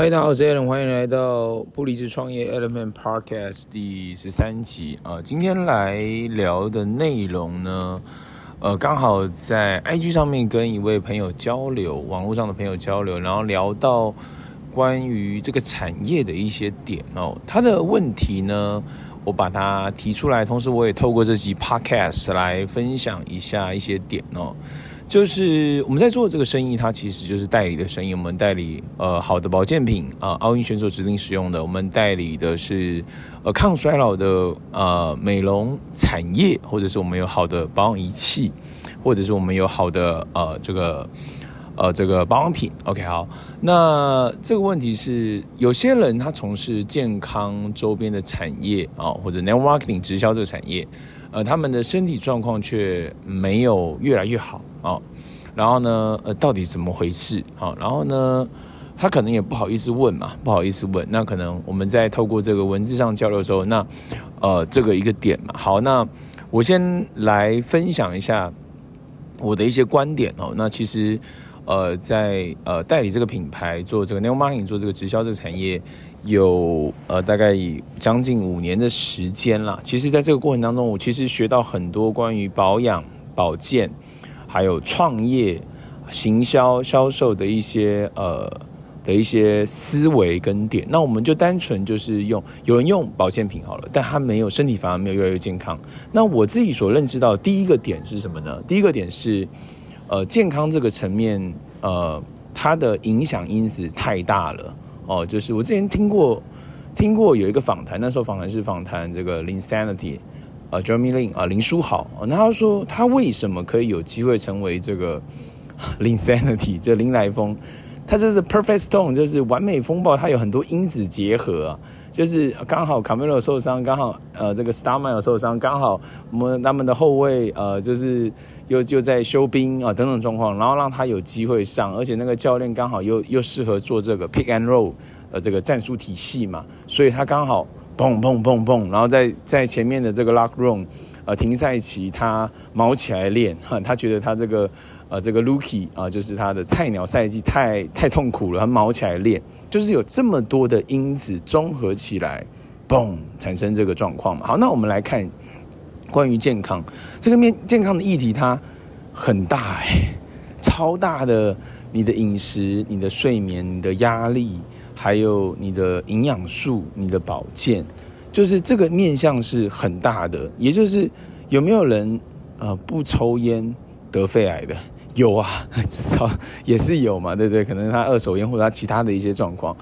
嗨，大家好，我是 Allen，歡迎來到不離職創業 Element Podcast 第十三集啊。呃，今天來聊的內容呢，呃，剛好在 IG 上面跟一位朋友交流，網絡上的朋友交流，然後聊到關於這個產業的一些點哦。他的問題呢，我把它提出來，同時我也透過這集 Podcast 來分享一下一些點哦。就是我們在做這個生意，它其實就是代理的生意。我們代理呃好的保健品啊，呃、奧運選手指定使用的。我們代理的是呃抗衰老的呃美容產業，或者是我們有好的保養儀器，或者是我們有好的呃這個呃這個保養品。OK，好。那這個問題是有些人他從事健康周邊的產業啊、呃，或者 networking 直銷這個產業，呃，他們的身體狀況卻沒有越來越好。哦，然後呢？呃，到底怎麼回事？哦，然後呢？他可能也不好意思問嘛，不好意思問。那可能我們在透過這個文字上交流的時候，那，呃，這個一個點嘛。好，那我先來分享一下我的一些觀點哦。那其實，呃，在呃代理這個品牌做這個 Neo marketing，做這個直銷這個產業，有呃大概將近五年的時間了。其實在這個過程當中，我其實學到很多關於保養、保健。還有創業、行銷、銷售的一些呃的一些思維跟點，那我們就單純就是用有人用保健品好了，但他沒有身體反而沒有越來越健康。那我自己所認知到的第一個點是什麼呢？第一個點是，呃，健康這個層面，呃，它的影響因子太大了哦。就是我之前聽過聽過有一個訪談，那時候訪談是訪談這個 Linsanity。啊、呃、Jeremy Lin 啊、呃，林書豪那他說他為什麼可以有機會成為這個，Linsanity 這林來瘋，他這是 perfect storm 就是完美風暴，他有很多因子結合啊，就是剛好 Carmelo 受傷，剛好呃這個 Starman 受傷，剛好我們他們的後衛呃就是又就在休兵啊等等狀況，然後讓他有機會上，而且那個教練剛好又又適合做這個 pick and roll 呃這個戰術體系嘛，所以他剛好。砰砰砰砰，然後在在前面的這個 Lock Room 呃，停賽期他毛起來練。他覺得他這個，呃，這個 Lucky 啊、呃，就是他的菜鳥賽季太太痛苦了，他毛起來練。就是有這麼多的因子綜合起來，砰產生這個狀況嘛。好，那我們來看關於健康這個面，健康的議題，它很大，超大的，你的飲食、你的睡眠、你的壓力。還有你的營養素、你的保健，就是這個面向是很大的。也就是有沒有人呃不抽煙得肺癌的？有啊，至少也是有嘛，對不對？可能他二手煙或者他其他的一些狀況。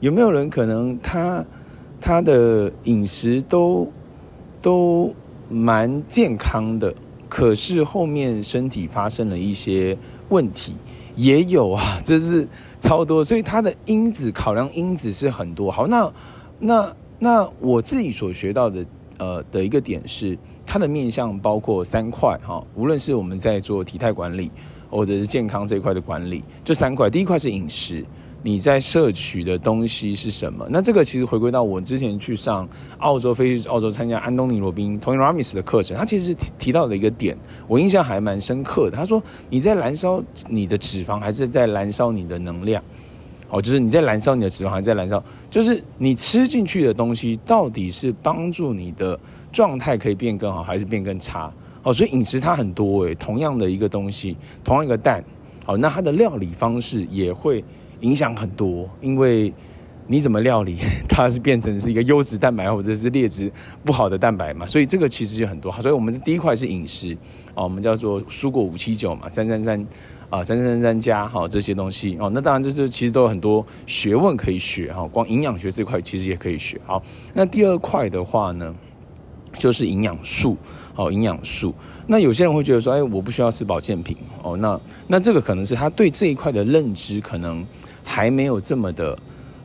有沒有人可能他他的飲食都都蠻健康的，可是後面身體發生了一些問題？也有啊，這、就是超多，所以它的因子考量因子是很多。好，那那那我自己所學到的，呃，的一個點是，它的面向包括三塊哈，無論是我們在做體態管理，或者是健康這一塊的管理，就三塊。第一塊是飲食。你在攝取的東西是什麼？那這個其實回歸到我之前去上澳洲飛去澳洲參加安東尼羅賓東尼拉米斯的課程，他其實提提到的一個點，我印象還蠻深刻的。他說：“你在燃燒你的脂肪，還是在燃燒你的能量？哦，就是你在燃燒你的脂肪，還是在燃燒？就是你吃進去的東西到底是幫助你的狀態可以變更好，還是變更差？哦，所以飲食它很多誒、欸，同樣的一個東西，同樣一個蛋，好，那它的料理方式也會。”影響很多，因為你怎麼料理，它是變成是一個優質蛋白或者是劣質不好的蛋白嘛，所以這個其實就很多。所以我們的第一塊是飲食，哦，我們叫做蔬果五七九嘛，三三三啊，三三三加，哦，這些東西哦。那當然，這其實都有很多學問可以學哈，哦。光營養學這塊其實也可以學。好，哦，那第二塊的話呢，就是營養素。哦，營養素。那有些人會覺得說，哎，我不需要吃保健品。哦，那那這個可能是他對這一塊的認知可能還沒有這麼的，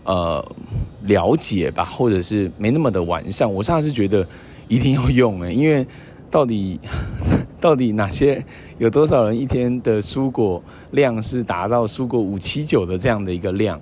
呃，了解吧，或者是沒那麼的完善。我上次覺得一定要用哎，因為到底到底哪些有多少人一天的蔬果量是達到蔬果五七九的這樣的一個量？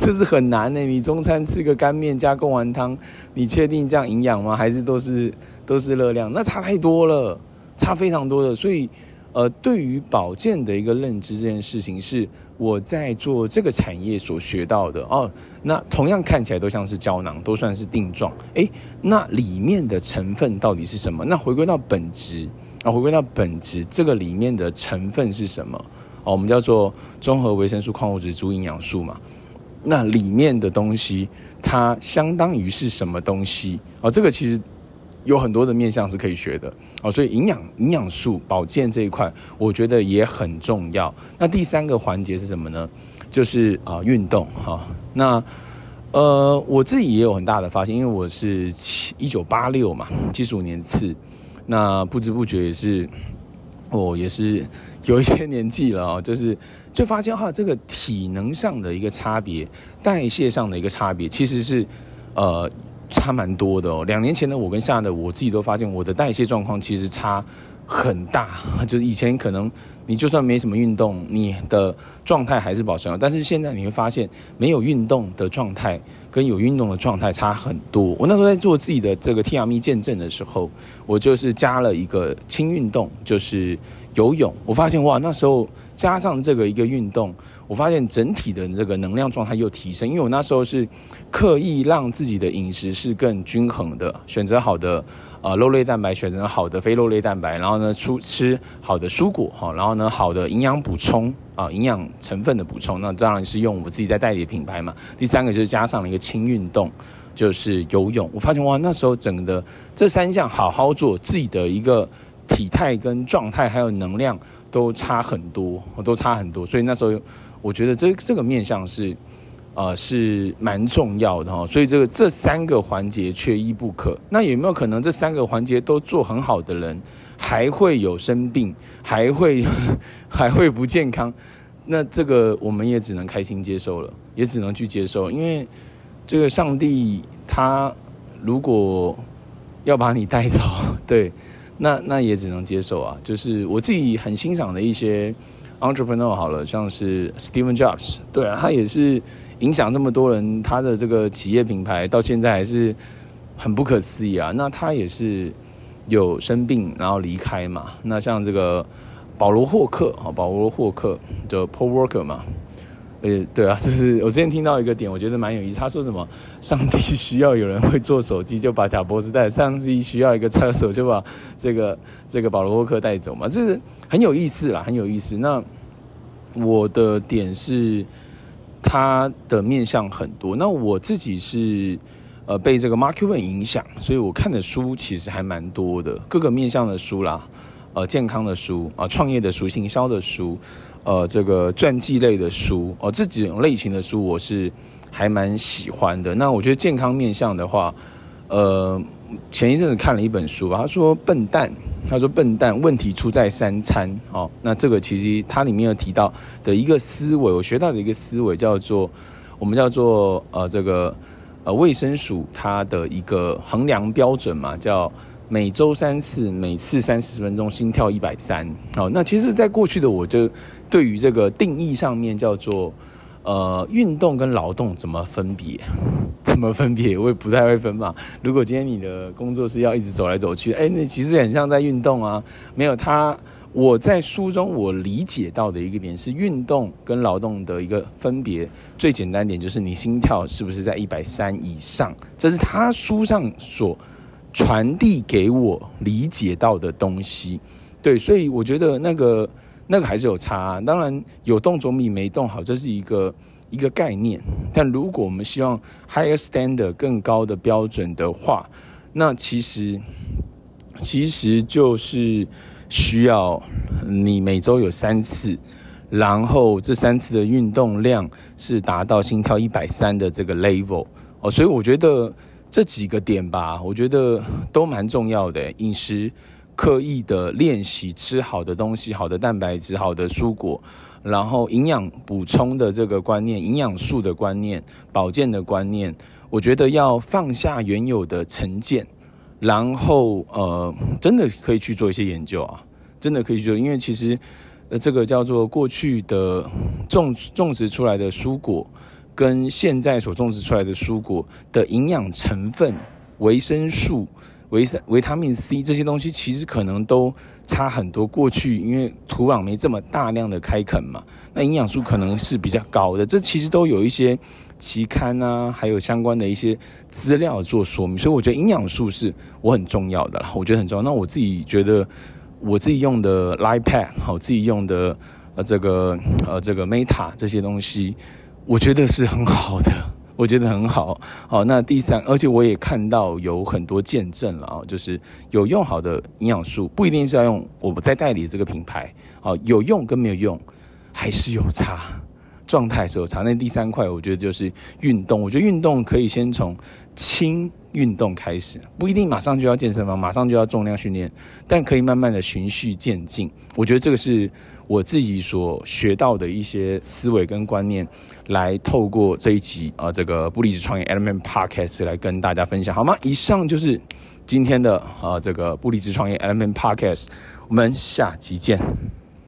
這是很難的。你中餐吃個乾麵加貢丸湯，你確定這樣營養嗎？還是都是都是熱量？那差太多了，差非常多的。所以，呃，對於保健的一個認知這件事情，是我在做這個產業所學到的哦。那同樣看起來都像是膠囊，都算是錠狀。哎，那裡面的成分到底是什麼？那回歸到本質啊，哦，回歸到本質，這個裡面的成分是什麼？哦，我們叫做綜合維生素、礦物質、植營養素嘛。那裡面的東西，它相當於是什麼東西啊、哦？這個其實有很多的面向是可以學的啊、哦，所以營養、營養素、保健這一塊，我覺得也很重要。那第三個環節是什麼呢？就是啊，運、呃、動哈、哦。那呃，我自己也有很大的發現，因為我是一九八六嘛，七十五年次，那不知不覺也是哦，也是。有一些年紀了，就是就發現哈、哦，這個體能上的一個差別，代謝上的一個差別，其實是呃差蠻多的哦。兩年前的我跟現在的我自己都發現，我的代謝狀況其實差很大，就是以前可能。你就算沒什麼運動，你的狀態還是保持好，但是現在你會發現，沒有運動的狀態跟有運動的狀態差很多。我那時候在做自己的這個 TME 見證的時候，我就是加了一個輕運動，就是游泳。我發現哇，那時候加上這個一個運動，我發現整體的這個能量狀態又提升。因為我那時候是刻意讓自己的飲食是更均衡的，選擇好的、呃、肉類蛋白，選擇好的非肉類蛋白，然後呢，吃吃好的蔬果好，然後。好的營養補充啊，呃，營養成分的補充，那當然是用我自己在代理的品牌嘛。第三個就是加上了一個輕運動，就是游泳。我發現哇，那時候整的這三項好好做，自己的一個體態跟狀態還有能量都差很多，都差很多。所以那時候我覺得這這個面向是，啊、呃，是蠻重要的哦。所以這個這三個環節缺一不可。那有沒有可能這三個環節都做很好的人，還會有生病，還會還會不健康？那這個我們也只能開心接受了，也只能去接受，因為這個上帝他如果要把你帶走，對，那那也只能接受啊。就是我自己很欣賞的一些 entrepreneur 好了，像是 Steven Jobs，對啊，他也是。影響這麼多人，他的這個企業品牌到現在還是很不可思議啊。那他也是有生病然後離開嘛。那像這個保羅霍克，啊，保羅霍克的 Paul Walker 嘛，呃，對啊，就是我之前聽到一個點，我覺得蠻有意思。他說什麼，上帝需要有人會做手機，就把賈伯斯帶；上帝需要一個車手，就把這個這個保羅霍克帶走嘛，就是很有意思啦，很有意思。那我的點是。他的面向很多，那我自己是，呃，被這個 Mark Cuban 影響，所以我看的書其實還蠻多的，各個面向的書啦，呃，健康的書啊、呃，創業的書、行銷的書，呃，這個傳記類的書、呃，這幾種類型的書我是還蠻喜歡的。那我覺得健康面向的話，呃。前一陣子看了一本書，他說笨蛋，他說笨蛋，問題出在三餐哦。那這個其實它裡面有提到的一個思維，我學到的一個思維叫做，我們叫做呃這個呃衛生署它的一個衡量標準嘛，叫每周三次，每次三十分鐘，心跳一百三。好，那其實，在過去的我就對於這個定義上面叫做。呃，運動跟勞動怎麼分別？怎麼分別？我也不太會分吧。如果今天你的工作是要一直走來走去，誒，那其實很像在運動啊。沒有他，我在書中我理解到的一個點是運動跟勞動的一個分別。最簡單點就是你心跳是不是在一百三以上？這是他書上所傳遞給我理解到的東西。對，所以我覺得那個。那個還是有差啊，當然有動作比沒動好，這是一個一個概念。但如果我們希望 higher standard 更高的標準的話，那其實其實就是需要你每周有三次，然後這三次的運動量是達到心跳一百三的這個 level 哦。所以我覺得這幾個點吧，我覺得都蠻重要的，飲食。刻意的練習吃好的東西、好的蛋白質、好的蔬果，然後營養補充的這個觀念、營養素的觀念、保健的觀念，我覺得要放下原有的成見，然後呃，真的可以去做一些研究啊，真的可以去做，因為其實呃，這個叫做過去的種種植出來的蔬果，跟現在所種植出來的蔬果的營養成分、維生素。維維他命 C 這些東西其實可能都差很多。過去因為土壤沒這麼大量的開墾嘛，那營養素可能是比較高的。這其實都有一些期刊啊，還有相關的一些資料做說明，所以我覺得營養素是我很重要的啦，我覺得很重要。那我自己覺得，我自己用的 iPad，好，自己用的這個呃這個 Meta 這些東西，我覺得是很好的。我覺得很好，好，那第三，而且我也看到有很多見證了啊，就是有用好的營養素，不一定是要用我在代理這個品牌，啊，有用跟沒有用還是有差，狀態是有差。那第三塊，我覺得就是運動，我覺得運動可以先從輕。運動開始不一定馬上就要健身房，馬上就要重量訓練，但可以慢慢的循序漸進。我覺得這個是我自己所學到的一些思維跟觀念，來透過這一集啊、呃，這個不離職創業 Element Podcast 來跟大家分享，好嗎？以上就是今天的啊、呃，這個不離職創業 Element Podcast，我們下集見。